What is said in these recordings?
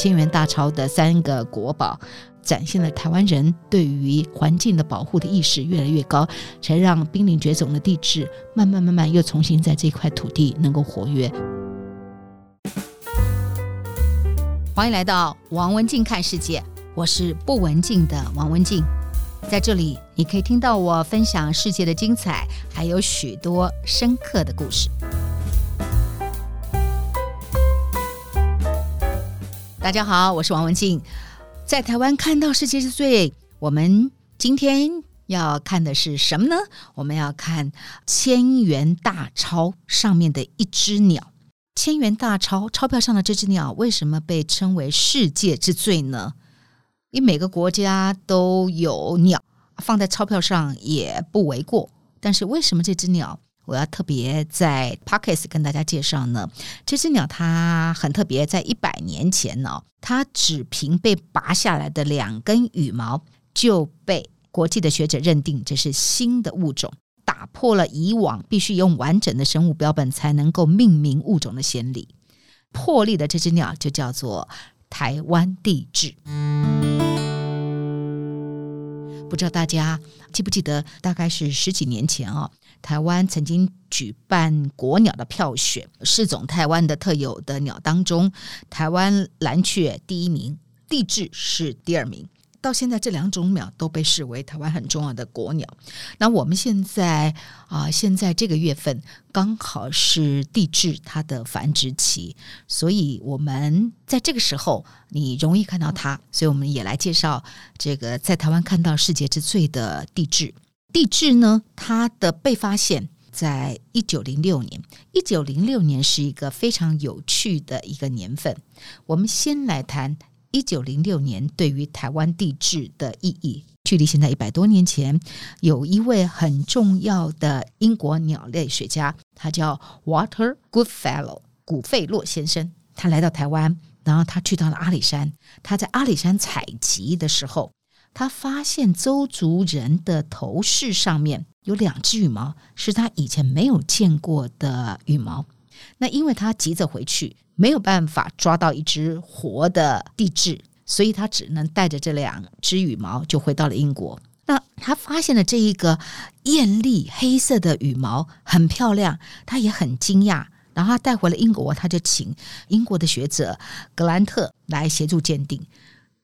千元大鈔的三個國寶，展現了台灣人對於環境的保護的意識越來越高，才讓瀕臨絕種的帝雉慢慢慢慢又重新在這塊土地能夠活躍。歡迎來到王文靜看世界，我是不文靜的王文靜，在這裡你可以聽到我分享世界的精彩，還有許多深刻的故事。大家好，我是王文靜，在台灣看到世界之最。我們今天要看的是什麼呢？我們要看千元大鈔上面的一隻鳥。千元大鈔鈔票上的這隻鳥為什麼被稱為世界之最呢？因為每個國家都有鳥，放在鈔票上也不為過，但是為什麼這隻鳥？我要特別在 Podcast 跟大家介紹呢，這只鳥它很特別，在一百年前呢、哦，它只憑被拔下來的兩根羽毛就被國際的學者認定這是新的物種，打破了以往必須用完整的生物標本才能夠命名物種的先例。破例的這只鳥就叫做台灣帝雉。不知道大家記不記得，大概是十幾年前啊、哦，台灣曾經舉辦國鳥的票選，四種台灣的特有的鳥當中，台灣藍鵲第一名，帝雉是第二名。到現在，這兩種鳥都被視為台灣很重要的國鳥。那我們現在啊、呃，現在這個月份剛好是帝雉它的繁殖期，所以我們在這個時候你容易看到它。所以我們也來介紹這個在台灣看到世界之最的帝雉。帝雉呢，它的被發現在一九零六年。一九零六年是一個非常有趣的一個年份。我們先來談。一九零六年對於台灣地質的意義，距離現在一百多年前，有一位很重要的英國鳥類學家，他叫 Walter Goodfellow 古費洛先生。他來到台灣，然後他去到了阿里山。他在阿里山採集的時候，他發現鄒族人的頭飾上面有兩隻羽毛，是他以前沒有見過的羽毛。那因為他急着回去。沒有辦法抓到一只活的帝雉，所以他只能帶着這兩只羽毛就回到了英國。那他發現了這一個豔麗黑色的羽毛很漂亮，他也很驚訝，然後他帶回了英國，他就請英國的學者格蘭特來協助鑑定。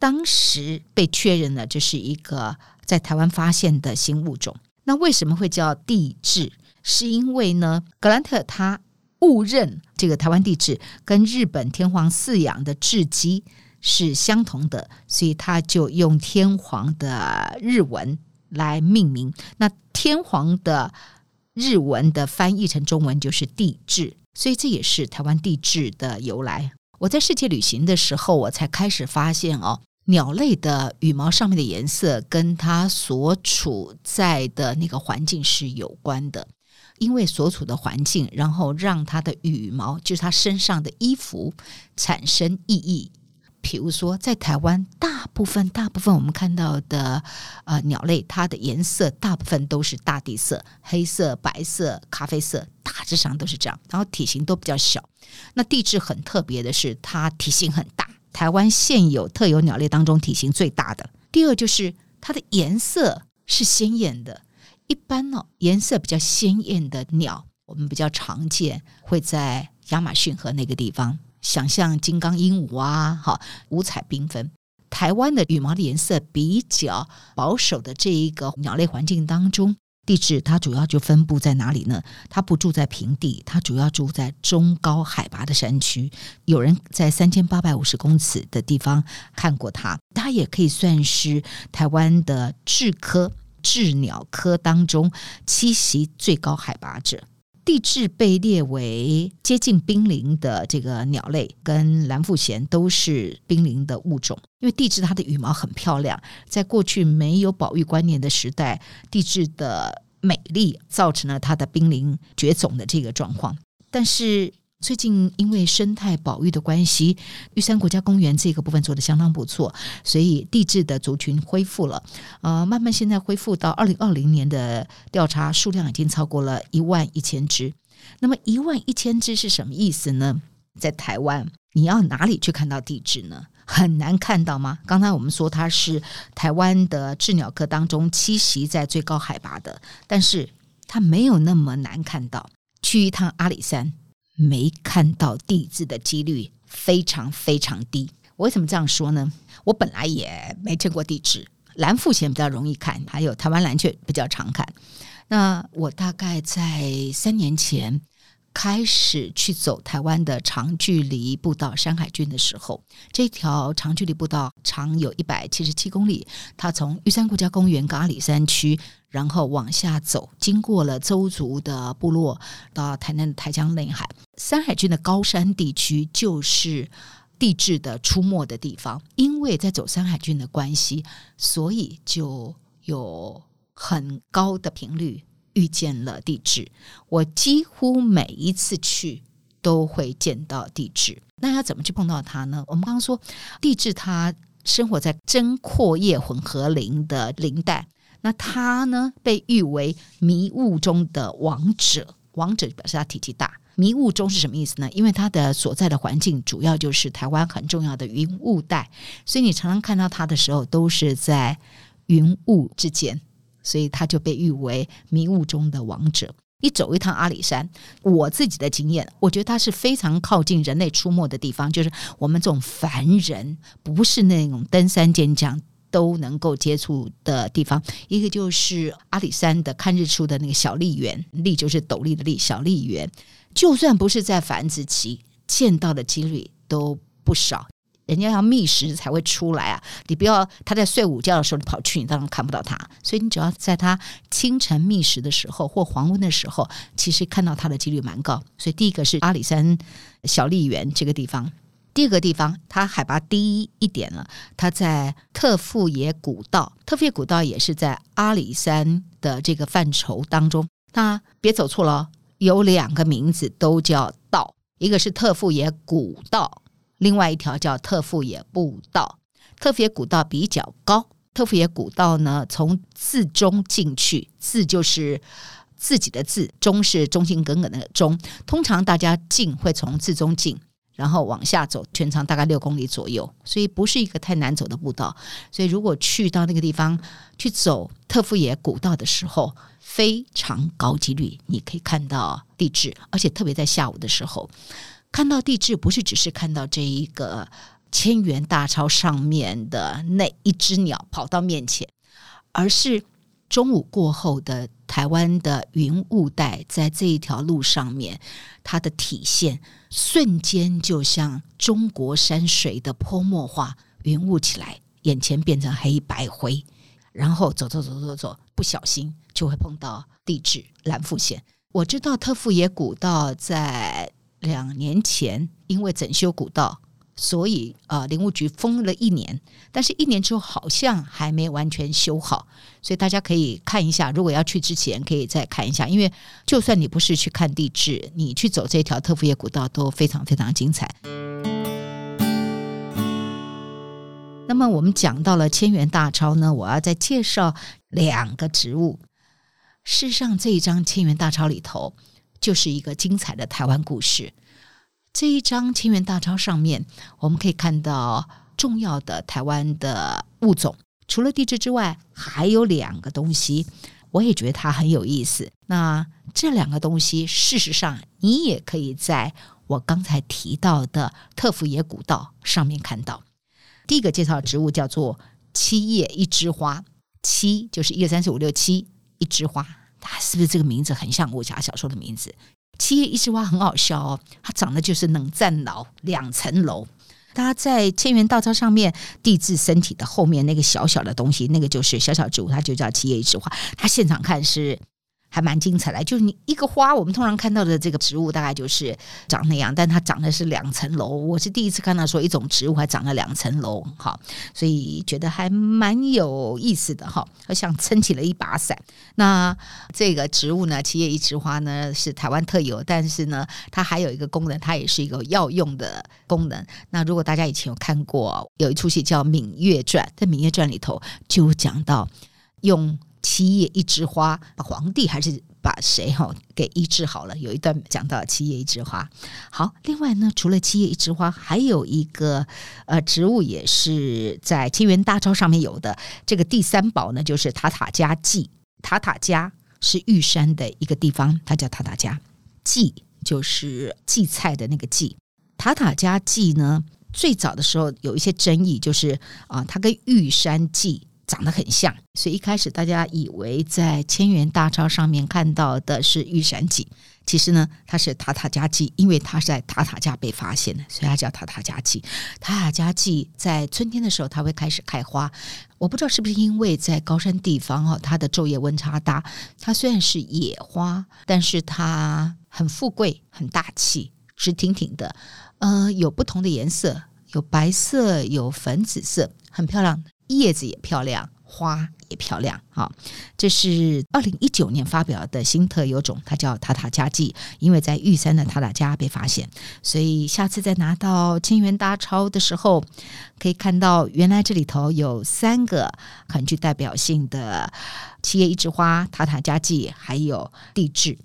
當時被確認了，這是一個在台灣發現的新物種。那為什麼會叫帝雉？是因為呢，格蘭特他。誤認這個台灣帝雉跟日本天皇飼養的雉雞是相同的，所以他就用天皇的日文來命名。那天皇的日文的翻譯成中文就是“帝雉”，所以這也是台灣帝雉的由來。我在世界旅行的時候，我才開始發現哦，鳥類的羽毛上面的顏色跟它所處在的那個環境是有關的。因為所處的環境，然後讓它的羽毛，就是它身上的衣服產生意義。比如說，在台灣，大部分大部分我們看到的呃鳥類，它的顏色大部分都是大地色，黑色、白色、咖啡色，大致上都是這樣。然後體型都比較小。那帝雉很特別的是，它體型很大，台灣現有特有鳥類當中體型最大的。第二就是它的顏色是鮮艷的。一般呢、哦，顏色比較鮮豔的鳥，我們比較常見，會在亞馬遜河那個地方。想象金剛鸚鵡啊，哈，五彩繽紛。台灣的羽毛的顏色比較保守的這一個鳥類環境當中，帝雉它主要就分布在哪裡呢？它不住在平地，它主要住在中高海拔的山區。有人在三千八百五十公尺的地方看過它，它也可以算是台灣的雉科。雉鳥科當中棲息最高海拔者。帝雉被列為接近瀕臨的這個鳥類，跟藍腹鷴都是瀕臨的物種。因為帝雉它的羽毛很漂亮，在過去沒有保育觀念的時代，帝雉的美麗造成了它的瀕臨絕種的這個狀況。但是最近因為生態保育的關係，玉山國家公園這個部分做得相當不錯，所以帝雉的族群恢復了。呃，慢慢現在恢復到二零二零年的調查數量已經超過了一萬一千只。那麼一萬一千只是什麼意思呢？在台灣，你要哪裡去看到帝雉呢？很難看到嗎？剛才我們說它是台灣的雉鳥科當中棲息在最高海拔的，但是它沒有那麼難看到。去一趟阿里山。沒看到帝雉的幾率非常非常低。我為什麼這樣說呢？我本來也沒見過帝雉，藍腹鷳比較容易看，還有台灣藍鵲比較常看。那我大概在三年前。開始去走台灣的長距離步道山海圳的時候，這條長距離步道長有一百七十七公里。它從玉山國家公園跟阿里山區，然後往下走，經過了鄒族的部落，到台南的台江內海。山海圳的高山地區就是帝雉的出沒的地方，因為在走山海圳的關係，所以就有很高的頻率。遇見了帝雉，我幾乎每一次去都會見到帝雉。那要怎麼去碰到它呢？我們剛剛說，帝雉它生活在針闊葉混合林的林帶。那它呢，被譽為迷霧中的王者。王者表示它體積大。迷霧中是什麼意思呢？因為它的所在的環境主要就是台灣很重要的雲霧帶，所以你常常看到它的時候都是在雲霧之間。所以他就被譽為迷霧中的王者。你走一趟阿里山，我自己的經驗，我覺得他是非常靠近人類出沒的地方，就是我們這種凡人，不是那種登山健將，都能夠接觸的地方。一個就是阿里山的看日出的那個小笠原，笠就是斗笠的笠，小笠原，就算不是在繁殖期，見到的幾率都不少。人家要覓食才會出來啊！你不要他在睡午覺的時候你跑去，你當然看不到它。所以你只要在它清晨覓食的時候或黃昏的時候，其實看到它的幾率蠻高。所以第一個是阿里山小笠原這個地方，第二個地方它海拔低一點了，它在特富野古道，特富野古道也是在阿里山的這個範疇當中。那別走錯了，有兩個名字都叫道，一個是特富野古道。另外一條叫特富野步道，特富野古道比較高。特富野古道呢，從自忠進去，自就是自己的自，忠是忠心耿耿的忠。通常大家進會從自忠進，然後往下走，全長大概六公里左右，所以不是一個太難走的步道。所以如果去到那個地方去走特富野古道的時候，非常高幾率你可以看到帝雉，而且特別在下午的時候。看到帝雉不是只是看到這一個千元大鈔上面的那一只鳥跑到面前，而是中午過後的台灣的雲霧帶在這一條路上面它的體現，瞬間就像中國山水的潑墨畫，雲霧起來，眼前變成黑白灰，然後走走走走走，不小心就會碰到帝雉、藍腹鷴。我知道特富野古道在。兩年前，因為整修古道，所以呃林務局封了一年。但是，一年之後好像還沒完全修好，所以大家可以看一下。如果要去之前，可以再看一下。因為就算你不是去看地質，你去走這條特富野古道都非常非常精彩。那麼，我們講到了千元大鈔呢，我要再介紹兩個植物。世上這一張千元大鈔裡頭。就是一個精彩的台灣故事。這一張千元大鈔上面，我們可以看到重要的台灣的物種。除了帝雉之外，還有兩個東西，我也覺得它很有意思。那這兩個東西，事實上你也可以在我剛才提到的特富野古道上面看到。第一個介紹植物叫做七葉一枝花，七就是一、二、三、四、五、六、七，一枝花。他是不是這個名字很像武俠小說的名字？七葉一枝花很好笑哦，它長得就是能站牢兩層樓。它在千元大鈔上面，帝雉身體的後面那個小小的東西，那個就是小小植物，它就叫七葉一枝花。它現場看是。還蠻精彩的，就是你一個花，我們通常看到的這個植物大概就是長那樣，但它長的是兩層樓。我是第一次看到說一種植物還長了兩層樓，哈，所以覺得還蠻有意思的哈，像撐起了一把傘。那這個植物呢，七葉一枝花呢是台灣特有，但是呢，它還有一個功能，它也是一個藥用的功能。那如果大家以前有看過有一出戲叫《羋月傳》，在《羋月傳》裡頭就講到用。七葉一枝花把皇帝還是把誰哈、哦、給醫治好了？有一段講到七葉一枝花。好，另外呢，除了七葉一枝花，還有一個呃植物也是在《千元大鈔》上面有的。這個第三寶呢，就是塔塔加薊。塔塔加是玉山的一個地方，它叫塔塔加薊，就是薊菜的那個薊。塔塔加薊呢，最早的時候有一些爭議，就是啊、呃，它跟玉山薊。長得很像，所以一開始大家以為在千元大鈔上面看到的是玉山薊，其實呢，它是塔塔加薊，因為它是在塔塔加被發現的，所以它叫塔塔加薊。塔塔加薊在春天的時候，它會開始開花。我不知道是不是因為在高山地方哈、哦，它的晝夜溫差大。它雖然是野花，但是它很富貴，很大氣，直挺挺的。呃，有不同的顏色，有白色，有粉紫色，很漂亮。葉子也漂亮，花也漂亮，好，這是二零一九年發表的新特有種，它叫塔塔加薊，因為在玉山的塔塔加被發現，所以下次再拿到千元大鈔的時候，可以看到原來這裡頭有三個很具代表性的七葉一枝花、塔塔加薊，還有帝雉。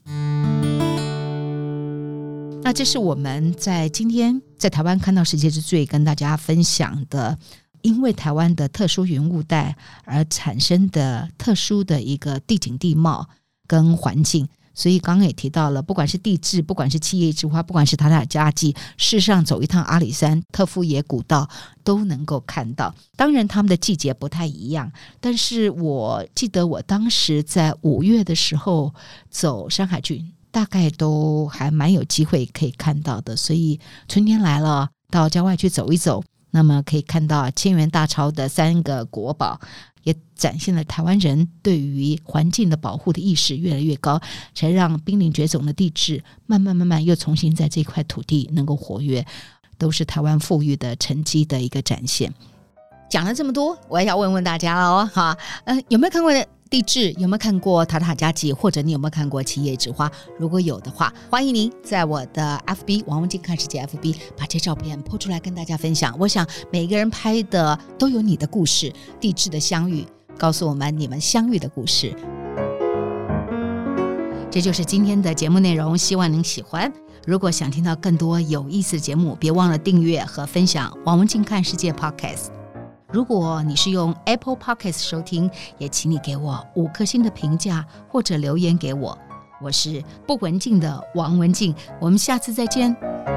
那這是我們在今天在台灣看到世界之最，跟大家分享的。因為台灣的特殊雲霧帶而產生的特殊的一個地景地貌跟環境，所以剛剛也提到了，不管是帝雉，不管是七葉一枝花，不管是塔塔加薊，世上走一趟阿里山特富野古道都能夠看到。當然，他們的季節不太一樣，但是我記得我當時在五月的時候走山海郡，大概都還蠻有機會可以看到的。所以春天來了，到郊外去走一走。那麼可以看到，千元大鈔的三個國寶，也展現了台灣人對於環境的保護的意識越來越高，才讓瀕臨絕種的帝雉慢慢慢慢又重新在這塊土地能夠活躍，都是台灣復育的成績的一個展現。講了這麼多，我也要問問大家了哦，哈，嗯，有沒有看過帝雉有沒有看過《塔塔加薊》，或者你有沒有看過《七葉之花》？如果有的話，歡迎您在我的 FB 王文靜看世界 FB 把這照片拍出來跟大家分享。我想每個人拍的都有你的故事，帝雉的相遇，告訴我們你們相遇的故事。這就是今天的節目內容，希望您喜歡。如果想聽到更多有意思的節目，別忘了訂閱和分享王文靜看世界 Podcast。如果你是用 Apple Podcast 收聽，也請你給我五顆星的評價，或者留言給我。我是不文靜的王文靜，我們下次再見。